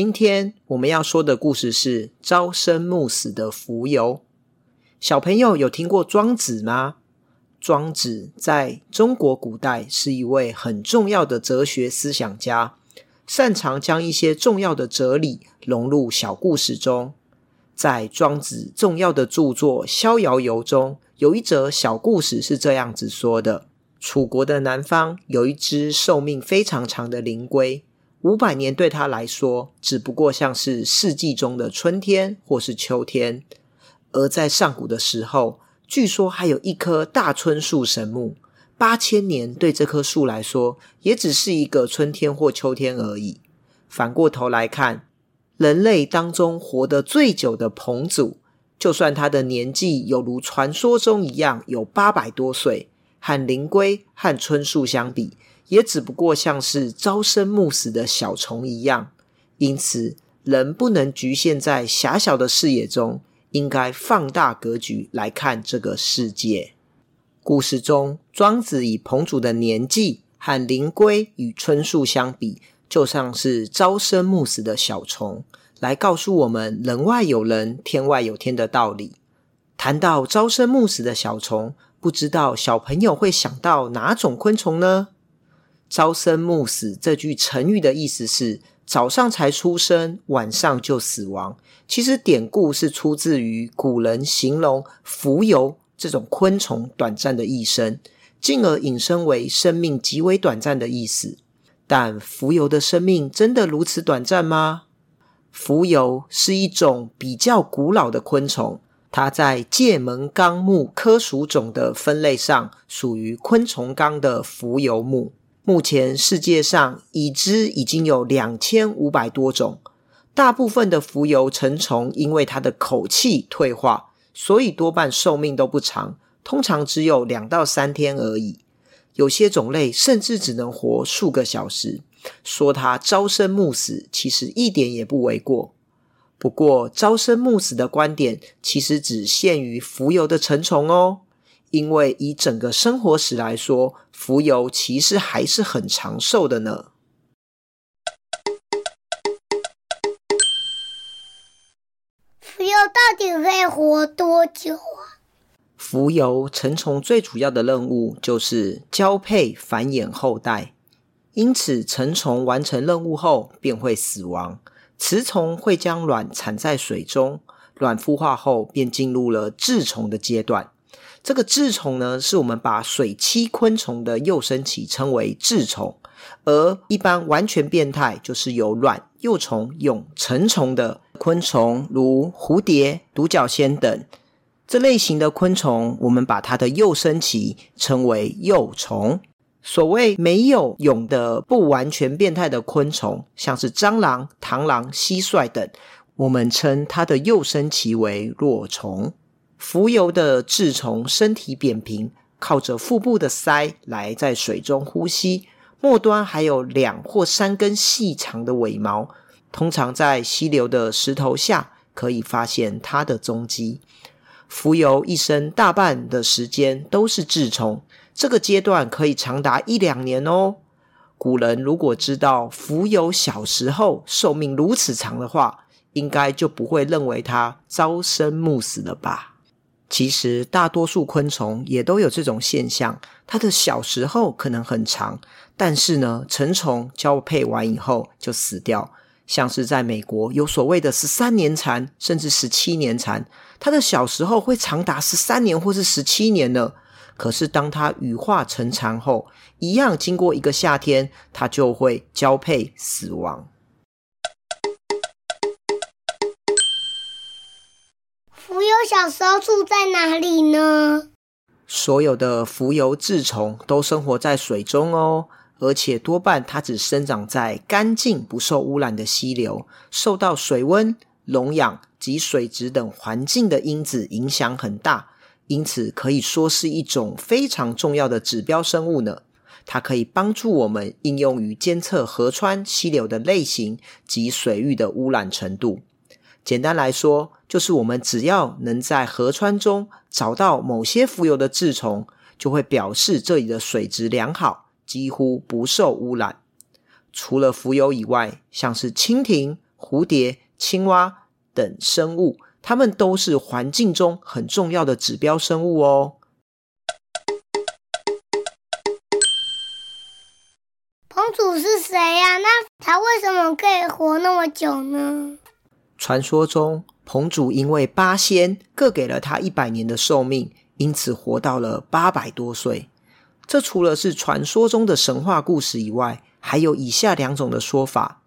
今天我們要說的故事是《朝生暮死的蜉蝣》。小朋友有聽過莊子嗎？莊子在中國古代是一位很重要的哲學思想家，擅長將一些重要的哲理融入小故事中。在莊子重要的著作《逍遙遊》中，有一則小故事是這樣子說的：楚國的南方有一隻壽命非常長的靈龜。五百年對他來說，只不過像是四季中的春天或是秋天；而在上古的時候，據說還有一棵大椿樹神木，八千年對這棵樹來說，也只是一個春天或秋天而已。反過頭來看，人類當中活得最久的彭祖，就算他的年紀有如傳說中一樣有八百多歲，和靈龜和椿樹相比，也只不過像是朝生暮死的小蟲一樣，因此人不能局限在狹小的視野中，應該放大格局來看這個世界。故事中，莊子以彭祖的年紀和靈龜與椿樹相比，就像是朝生暮死的小蟲，來告訴我們“人外有人，天外有天”的道理。談到朝生暮死的小蟲，不知道小朋友會想到哪種昆蟲呢？朝生暮死這句成語的意思是早上才出生，晚上就死亡。其實典故是出自於古人形容蜉蝣這種昆蟲短暫的一生，進而引申為生命極為短暫的意思。但蜉蝣的生命真的如此短暫嗎？蜉蝣是一種比較古老的昆蟲，它在界門綱目科屬種的分類上屬於昆蟲綱的蜉蝣目。目前世界上已知已經有兩千五百多種，大部分的蜉蝣成蟲因為它的口器退化，所以多半壽命都不長，通常只有兩到三天而已。有些種類甚至只能活數個小時，說它朝生暮死，其實一點也不為過。不過，朝生暮死的觀點其實只限於蜉蝣的成蟲哦。因為以整個生活史來說，蜉蝣其實還是很長壽的呢。蜉蝣到底會活多久啊？蜉蝣成蟲最主要的任務就是交配繁衍後代，因此成蟲完成任務後便會死亡。雌蟲會將卵產在水中，卵孵化後便進入了稚蟲的階段。這個稚蟲呢，是我們把水棲昆蟲的幼生期稱為稚蟲，而一般完全變態就是有卵、幼蟲、蛹、成蟲的昆蟲，如蝴蝶、獨角仙等。這類型的昆蟲，我們把它的幼生期稱為幼蟲。所謂沒有蛹的不完全變態的昆蟲，像是蟑螂、螳螂、蟋蟀等，我們稱它的幼生期為若蟲。蜉蝣的稚蟲身體扁平，靠着腹部的鰓來在水中呼吸，末端還有兩或三根細長的尾毛。通常在溪流的石頭下可以發現它的蹤跡。蜉蝣一生大半的時間都是稚蟲，這個階段可以長達一兩年哦。古人如果知道蜉蝣小時候壽命如此長的話，應該就不會認為它朝生暮死了吧。其實大多數昆蟲也都有這種現象，它的小時候可能很長，但是呢，成蟲交配完以後就死掉。像是在美國有所謂的十三年蟬，甚至十七年蟬，它的小時候會長達十三年或是十七年呢。可是當它羽化成蟬後，一樣經過一個夏天，它就會交配死亡。小時候住在哪裡呢？所有的蜉蝣稚蟲都生活在水中哦，而且多半它只生長在乾淨、不受污染的溪流，受到水溫、溶氧及水質等環境的因子影響很大，因此可以說是一種非常重要的指標生物呢。它可以幫助我們應用於監測河川、溪流的類型及水域的污染程度。簡單來說，就是我們只要能在河川中找到某些蜉蝣的稚蟲，就會表示這裡的水質良好，幾乎不受污染。除了蜉蝣以外，像是蜻蜓、蝴蝶、青蛙等生物，它們都是環境中很重要的指標生物哦。彭祖是誰呀、啊？那他為什麼可以活那麼久呢？傳說中，彭祖因為八仙各給了他一百年的壽命，因此活到了八百多歲。這除了是傳說中的神話故事以外，還有以下兩種的說法：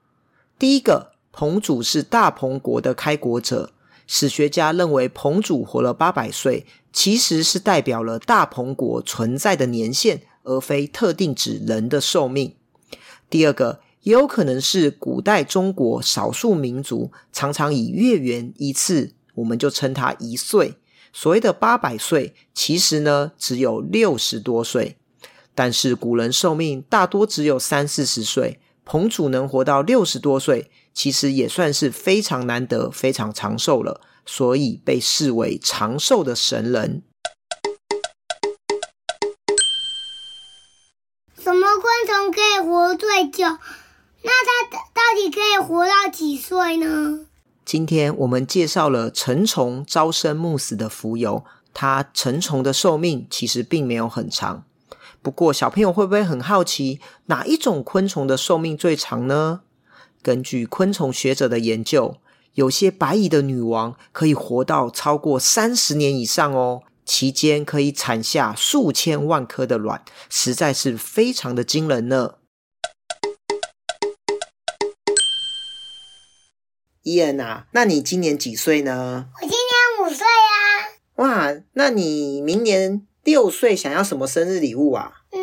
第一個，彭祖是大彭國的開國者，史學家認為彭祖活了八百歲，其實是代表了大彭國存在的年限，而非特定指人的壽命。第二個。也有可能是古代中國少數民族常常以月圓一次，我們就稱它一歲。所謂的八百歲，其實呢只有六十多歲。但是古人壽命大多只有三四十歲，彭祖能活到六十多歲，其實也算是非常難得、非常長壽了，所以被視為長壽的神人。什麼昆蟲可以活最久？那它到底可以活到幾歲呢？今天我們介紹了成蟲朝生暮死的蜉蝣，它成蟲的壽命其實並沒有很長。不過，小朋友會不會很好奇，哪一種昆蟲的壽命最長呢？根據昆蟲學者的研究，有些白蟻的女王可以活到超過三十年以上哦，期間可以產下數千萬顆的卵，實在是非常的驚人呢。伊恩啊，那你今年幾歲呢？我今年五歲呀、啊。哇，那你明年六歲，想要什麼生日禮物啊？嗯，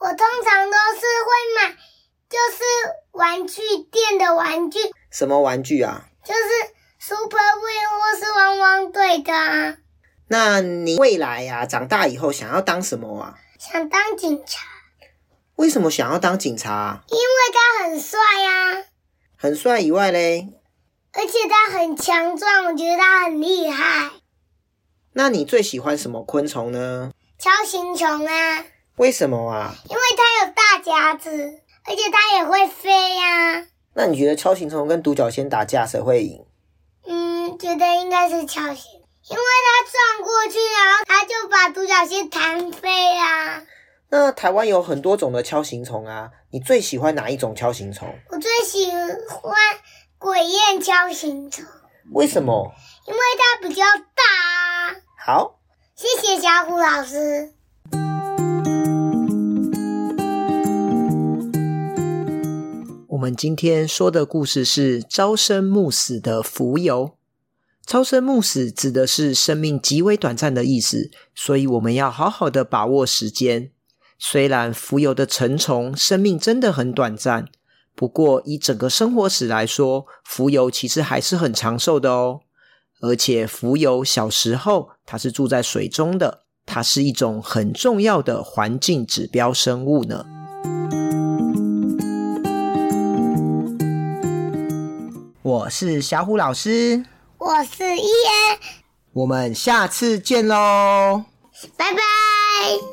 我通常都是會買，就是玩具店的玩具。什麼玩具啊？就是 Super Wings 或是汪汪隊的。啊。那你未來呀、啊，長大以後想要當什麼啊？想當警察。為什麼想要當警察？因為他很帥呀、啊。很帥以外嘞？而且它很強壯，我覺得它很厲害。那你最喜歡什麼昆蟲呢？鍬形蟲啊。為什麼啊？因為它有大夾子，而且它也會飛呀、啊。那你覺得鍬形蟲跟獨角仙打架誰會贏？嗯，覺得應該是鍬形，因為它轉過去，然後它就把獨角仙彈飛呀、啊。那台灣有很多種的鍬形蟲啊，你最喜歡哪一種鍬形蟲？我最喜歡。鬼宴交行者，為什麼？因為它比較大啊。好，謝謝小虎老師。我們今天說的故事是朝生的蜉蝣“朝生暮死”的蜉蝣。“朝生暮死”指的是生命極為短暫的意思，所以我們要好好的把握時間。雖然蜉蝣的成蟲生命真的很短暫。不過，以整個生活史來說，蜉蝣其實還是很長壽的哦。而且，蜉蝣小時候它是住在水中的，它是一種很重要的環境指標生物呢。我是小虎老師，我是伊恩，我們下次見嘍，拜拜。